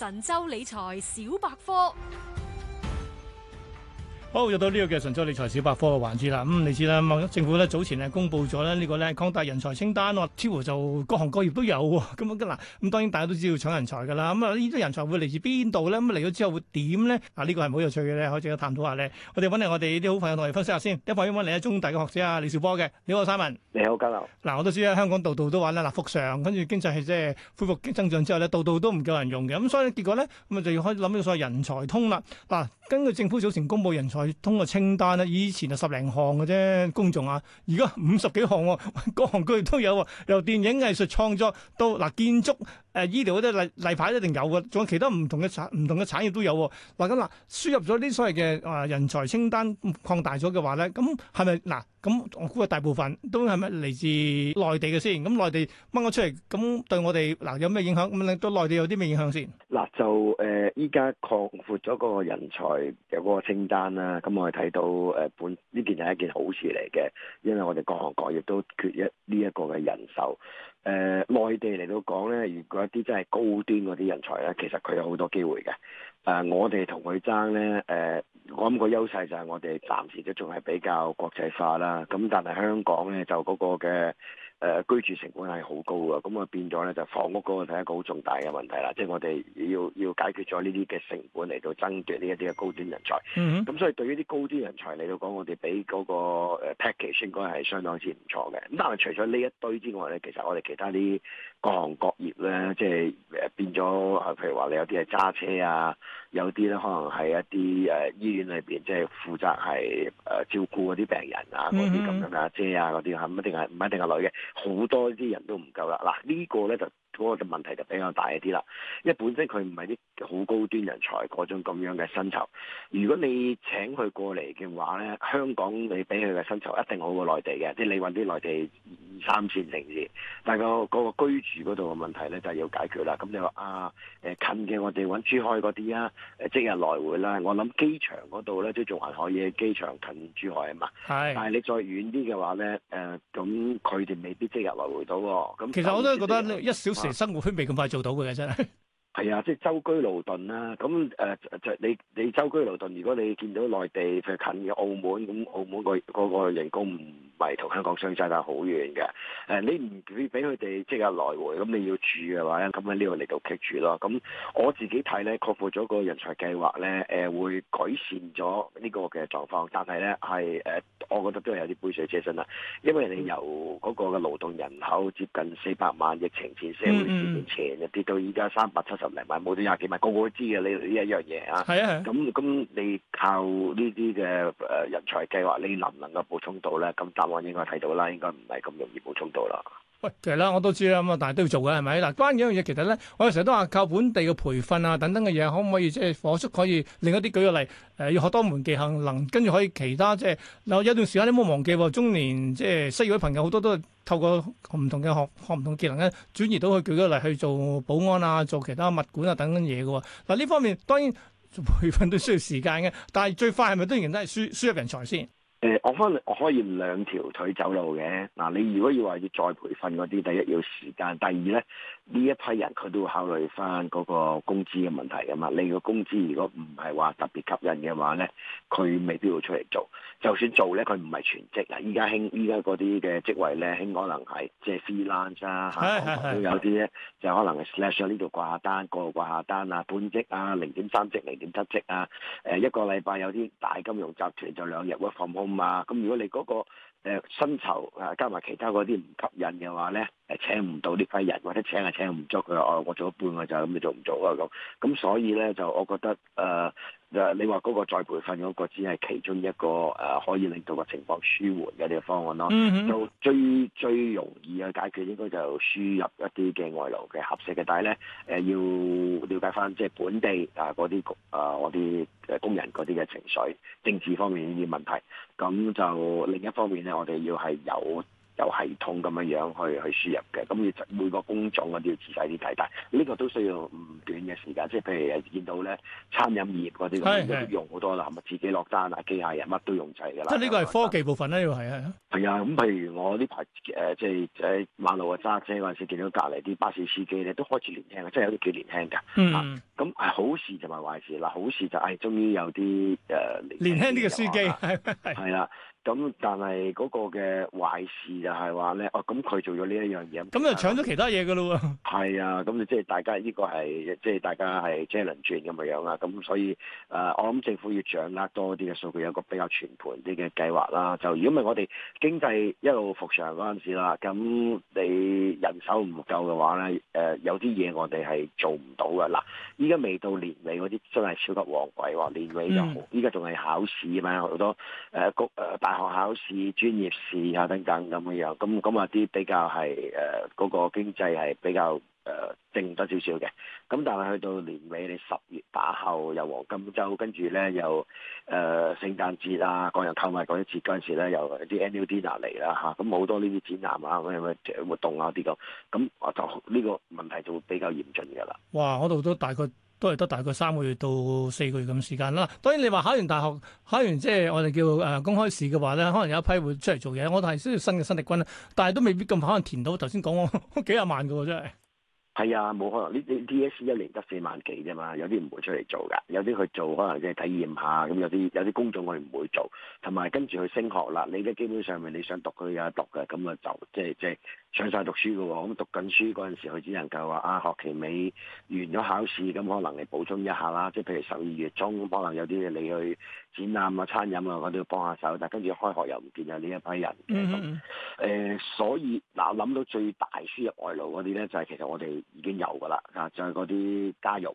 神州理財小百科。好，又到呢個嘅神州理財小百科嘅環節啦，咁、嗯、你知啦，咁、嗯、政府咧早前咧公布咗咧呢個咧擴大人才清單喎，似乎就各行各業都有喎。咁啊嗱，咁當然大家都知道要搶人才嘅啦。咁啊呢啲人才會嚟自邊度咧？咁嚟咗之後會點咧？啊呢、這個係好有趣嘅咧，可以一探討下咧。我哋揾嚟我哋啲好朋友同嚟分析下先。一位嚟中大嘅學者啊李兆波嘅，你好，Simon。你好，交流。嗱、嗯、我都知啊，香港度度都話咧，嗱、啊、復常跟住經濟係即係恢復增長之後咧，度度都唔夠人用嘅。咁、嗯、所以結果咧，咁、嗯、啊就要開始諗呢個所謂人才通啦。嗱、啊。啊根據政府早前公布人才通過清單咧，以前就十零項嘅啫，公眾啊，而家五十幾項各行各業都有，由電影藝術創作到嗱建築誒、呃、醫療啲例例牌一定有嘅，仲有其他唔同嘅產唔同嘅產業都有。嗱咁嗱輸入咗啲所謂嘅啊人才清單擴大咗嘅話咧，咁係咪嗱？是咁我估係大部分都係咩嚟自內地嘅先，咁內地掹我出嚟，咁對我哋嗱有咩影響？咁你對內地有啲咩影響先？嗱就誒依家擴闊咗嗰個人才有嗰個清單啦。咁我哋睇到誒本呢件係一件好事嚟嘅，因為我哋各行各業都缺一呢一、一個嘅人手。誒、呃、內地嚟到講咧，如果一啲真係高端嗰啲人才咧，其實佢有好多機會嘅。誒、呃、我哋同佢爭咧誒。呃我諗個優勢就係我哋暫時都仲係比較國際化啦，咁但係香港咧就嗰個嘅誒、呃、居住成本係好高嘅，咁啊變咗咧就房屋嗰個係一個好重大嘅問題啦，即、就、係、是、我哋要要解決咗呢啲嘅成本嚟到爭奪呢一啲嘅高端人才，咁、mm hmm. 所以對於啲高端人才嚟到講，我哋俾嗰個 package 應該係相當之唔錯嘅。咁但係除咗呢一堆之外咧，其實我哋其他啲。各行各業咧，即係誒變咗，啊，譬如話你有啲係揸車啊，有啲咧可能係一啲誒、呃、醫院裏邊，即係負責係誒、呃、照顧嗰啲病人啊，嗰啲咁樣啊，姐啊，嗰啲吓，唔一定係唔一定係女嘅，好多啲人都唔夠啦。嗱、這個、呢、那個咧就嗰個就問題就比較大一啲啦，因為本身佢唔係啲。好高端人才嗰種咁樣嘅薪酬，如果你請佢過嚟嘅話咧，香港你俾佢嘅薪酬一定好過內地嘅，即係你揾啲內地二三線城市，但係個個居住嗰度嘅問題咧就係要解決啦。咁你話啊，誒近嘅我哋揾珠海嗰啲啊，誒即日來回啦。我諗機場嗰度咧都仲還可以，機場近珠海啊嘛。係是。但係你再遠啲嘅話咧，誒咁佢哋未必即日來回到喎、啊。咁其實我都係覺得說一小時生活圈未咁快做到嘅真係啊，即係周居勞頓啦、啊。咁誒就你你舟車勞頓，如果你見到內地最近嘅澳門，咁澳門個嗰個人工唔係同香港相差得好遠嘅。誒、呃，你唔俾俾佢哋即係來回，咁你要住嘅話，咁喺呢度嚟到 keep 住咯。咁我自己睇咧，擴闊咗個人才計劃咧，誒、呃、會改善咗呢個嘅狀況，但係咧係誒，我覺得都係有啲杯水車薪啦。因為你由嗰個嘅勞動人口接近四百萬，疫情前社會事件前跌到依家三百七。十零萬，冇端廿幾萬，個個都知嘅呢呢一樣嘢啊。係啊，咁咁你靠呢啲嘅誒人才計劃，你能唔能夠補充到咧？咁答案應該睇到啦，應該唔係咁容易補充到啦。喂，其實啦，我都知啦，咁啊，但係都要做嘅係咪？嗱，關於一樣嘢，其實咧，我成日都話靠本地嘅培訓啊，等等嘅嘢，可唔可以即係火速可以另一啲，舉個例，誒、呃、要學多門技能，跟住可以其他即係有有段時間你冇忘記喎，中年即係失業嘅朋友好多都透過唔同嘅學學唔同技能咧，轉移到去舉個例去做保安啊，做其他物管啊等等嘢嘅。嗱呢方面當然做培訓都需要時間嘅，但係最快係咪都仍然都係輸輸入人才先？誒、呃，我可以我可以兩條腿走路嘅嗱。你如果要話要再培訓嗰啲，第一要時間，第二咧，呢一批人佢都會考慮翻嗰個工資嘅問題噶嘛。你個工資如果唔係話特別吸引嘅話咧，佢未必會出嚟做。就算做咧，佢唔係全職啊。依家興依家嗰啲嘅職位咧，興可能係即係 freelance 啦嚇，都有啲咧，就可能 slash 呢度掛下單，嗰度掛下單啊，半職啊，零點三職、零點七職啊。誒、呃，一個禮拜有啲大金融集團就兩日會放空。咁、嗯、如果你嗰、那個薪酬啊加埋其他嗰啲唔吸引嘅話咧，誒請唔到啲嘅人，或者請啊請唔足嘅，哦我做一半嘅就咁，你、嗯、做唔做啊咁？咁、嗯、所以咧就我覺得誒。呃誒，你話嗰個再培訓嗰個只係其中一個誒、呃，可以令到個情況舒緩嘅呢個方案咯。就、mm hmm. 最最容易去解決，應該就輸入一啲嘅外勞嘅合適嘅，但係咧誒，要了解翻即係本地啊嗰啲工啊嗰啲工人嗰啲嘅情緒、政治方面嘅問題。咁就另一方面咧，我哋要係有。有系統咁樣樣去去輸入嘅，咁要每個工種我都要仔細啲睇睇，呢個都需要唔短嘅時間。即係譬如誒，見到咧餐飲業嗰啲係係用好多啦，咪自己落單啊，機械人乜都用曬㗎啦。即係呢個係科技部分啦，要係啊。係啊，咁譬如我呢排誒，即係誒馬路啊揸車嗰陣時，見到隔離啲巴士司機咧，都開始年輕啦，真係有啲幾年輕㗎。嗯。咁係好事就唔係壞事啦。好事就係、就係哎、終於有啲誒、呃、年輕啲嘅司機。係啦。咁但係嗰個嘅壞事就係話咧，哦咁佢做咗呢一樣嘢，咁就搶咗其他嘢噶咯喎。係 啊，咁就即係大家呢個係即係大家係即係輪轉咁嘅樣啦。咁所以誒、呃，我諗政府要掌握多啲嘅數據，有個比較全盤啲嘅計劃啦。就如果唔係我哋經濟一路復常嗰陣時啦，咁你人手唔夠嘅話咧，誒、呃、有啲嘢我哋係做唔到嘅。嗱，依家未到年尾嗰啲真係超級旺季喎，年尾又好，依家仲係考試啊嘛，好多誒局誒。呃呃呃大學考試、專業試啊等等咁樣樣，咁咁啊啲比較係誒嗰個經濟係比較誒正多少少嘅。咁但係去到年尾，你十月打後又黃金周，跟住咧又誒聖誕節啊，各人購物嗰啲節嗰陣時咧又啲 annual dinner 嚟啦嚇，咁好多呢啲展覽啊，嗰啲咩活動啊啲咁，咁我就呢個問題就會比較嚴峻噶啦。哇！嗰度都大概。都係得大概三個月到四個月咁時間啦。當然你話考完大學，考完即係我哋叫誒公開試嘅話咧，可能有一批會出嚟做嘢。我哋係需要新嘅新力軍啦，但係都未必咁可能填到頭先講我幾廿萬嘅喎，真係。係啊，冇可能呢？呢啲 DSE 一年得四萬幾啫嘛，有啲唔會出嚟做嘅，有啲去做可能即係體驗下咁。有啲有啲工作我哋唔會做，同埋跟住去升學啦。你咧基本上咪你想讀佢有得讀嘅，咁啊就即係即係。就是就是上晒讀書嘅喎，咁、嗯、讀緊書嗰陣時，佢只能夠話啊學期尾完咗考試，咁可能你補充一下啦。即係譬如十二月中，可能有啲你去展覽啊、餐飲啊嗰啲幫下手，但跟住開學又唔見有呢一批人嘅咁、嗯哼呃。所以嗱諗、呃、到最大輸入外勞嗰啲咧，就係、是、其實我哋已經有嘅啦啊，就係、是、啲家傭。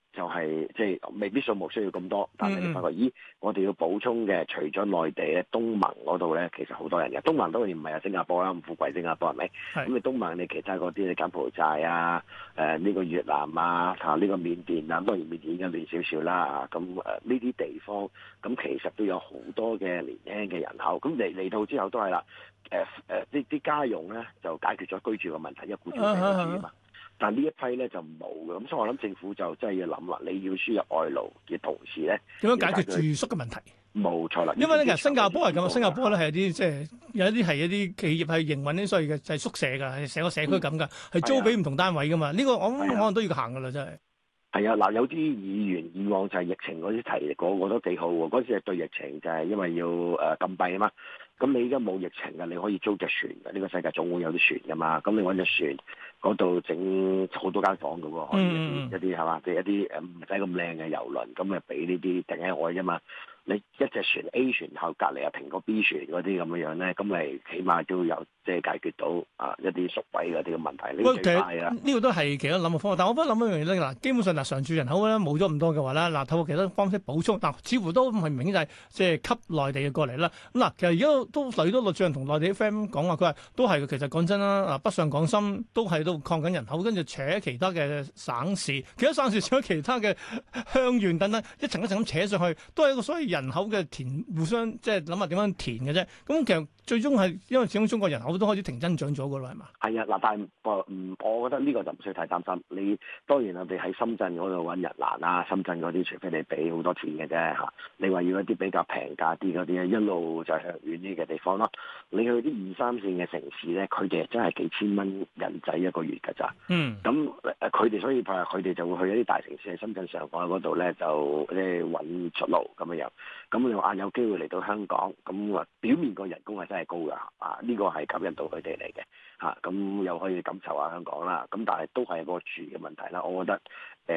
就係、是、即係未必數目需要咁多，但係你發覺，mm. 咦？我哋要補充嘅，除咗內地咧，東盟嗰度咧，其實好多人嘅。東盟當然唔係新加坡啦，咁富貴新加坡係咪？咁你是東盟你其他嗰啲你柬埔寨啊，誒、呃、呢、這個越南啊，嚇、啊、呢、這個緬甸啊，當然緬甸應該亂少少啦，咁誒呢啲地方，咁、啊、其實都有好多嘅年輕嘅人口。咁嚟嚟到之後都係啦，誒誒啲啲家用咧就解決咗居住嘅問題，一鼓足氣住啊嘛～啊啊啊但呢一批咧就冇嘅，咁所以我諗政府就真係要諗啦。你要輸入外勞嘅同時咧，點樣解決住宿嘅問題？冇錯啦，因為咧，其實新加坡係咁啊，新加坡咧係有啲即係有一啲係一啲企業係營運啲所以就係宿舍㗎，成個社區咁㗎，係、嗯、租俾唔同單位㗎嘛。呢、嗯這個我諗的可能都要行㗎啦，真係。係啊，嗱，有啲議員以往就係疫情嗰啲提，嗰個個都幾好喎。嗰時係對疫情就係因為要誒禁閉啊嘛。咁你而家冇疫情嘅，你可以租隻船嘅。呢、這個世界總會有啲船噶嘛。咁你揾隻船嗰度整好多間房嘅可以、mm. 一啲係嘛？譬如、就是、一啲誒唔使咁靚嘅遊輪，咁咪俾呢啲停喺海啫嘛。你一隻船 A 船後隔離又停個 B 船嗰啲咁嘅樣咧，咁咪起碼都有。即係解決到啊一啲宿位嘅啲嘅問題呢幾派啊？呢個實都係其他諗嘅方法，但我覺得諗一樣嘢嗱，基本上嗱常住人口咧冇咗咁多嘅話咧嗱，透過其他方式補充嗱、呃，似乎都唔明就係即係吸內地嘅過嚟啦。咁、呃、嗱，其實而家都好多陸上同內地啲 friend 講話，佢話都係其實講真啦、啊，北上廣深都係都擴緊人口，跟住扯其他嘅省市，其他省市扯其他嘅鄉縣等等，一層一層咁扯上去，都係一個所謂人口嘅填互相即係諗下點樣填嘅啫。咁其實最終係因為始終中國人口。我都開始停增長咗噶啦，係嘛？係啊，嗱，但係，唔，我覺得呢個就唔需要太擔心。你當然我哋喺深圳嗰度揾日難啦，深圳嗰啲除非你俾好多錢嘅啫嚇。你話要一啲比較平價啲嗰啲，一路就向遠啲嘅地方咯。你去啲二三線嘅城市咧，佢哋真係幾千蚊人仔一個月噶咋。嗯。咁佢哋所以話，佢哋就會去一啲大城市，喺深圳、上海嗰度咧，就咧揾出路咁樣樣。咁你話有機會嚟到香港，咁話表面個人工係真係高噶，啊呢個係吸引到佢哋嚟嘅，嚇、啊、咁又可以感受下香港啦。咁、啊、但係都係個住嘅問題啦。我覺得誒、呃、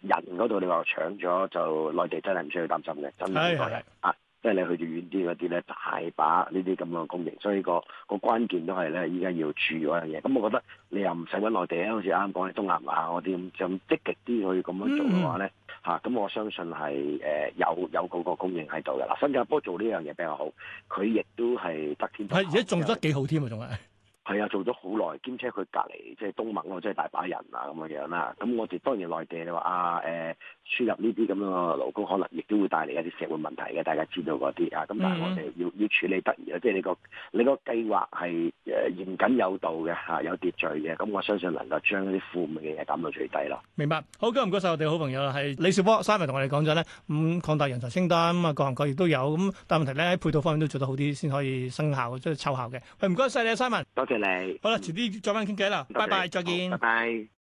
人嗰度你話搶咗就內地真係唔需要擔心嘅，真係是是 啊，即係你去住遠啲嗰啲咧，大把呢啲咁嘅工程。所以個個關鍵都係咧依家要住嗰樣嘢。咁我覺得你又唔使揾內地咧，好似啱啱講喺東南亞啊嗰啲咁積極啲去咁樣做嘅話咧。嗯嗯嚇，咁、啊、我相信係誒、呃、有有嗰個，個供應喺度嘅啦。新加坡做呢樣嘢比較好，佢亦都係得天獨厚，而且做得幾好添啊，仲係。係啊，做咗好耐，兼且佢隔籬即係東盟咯，即係大把人啊咁嘅樣啦。咁我哋當然內地你話啊，誒、呃、輸入呢啲咁嘅勞工，可能亦都會帶嚟一啲社會問題嘅，大家知道嗰啲啊。咁但係我哋要要處理得而，即係你個你個計劃係誒嚴謹有道嘅吓、啊，有秩序嘅。咁、啊、我相信能夠將啲負面嘅嘢減到最低咯。明白。好，咁唔該晒我哋好朋友係李兆波，Simon 同我哋講咗咧，咁、嗯、擴大人才清單，啊各行各業都有。咁但係問題咧喺配套方面都做得好啲，先可以生效，即係湊效嘅。唔該晒你，Simon。好啦，遲啲再翻傾偈啦，拜拜謝，bye bye, 再見，拜。Bye bye.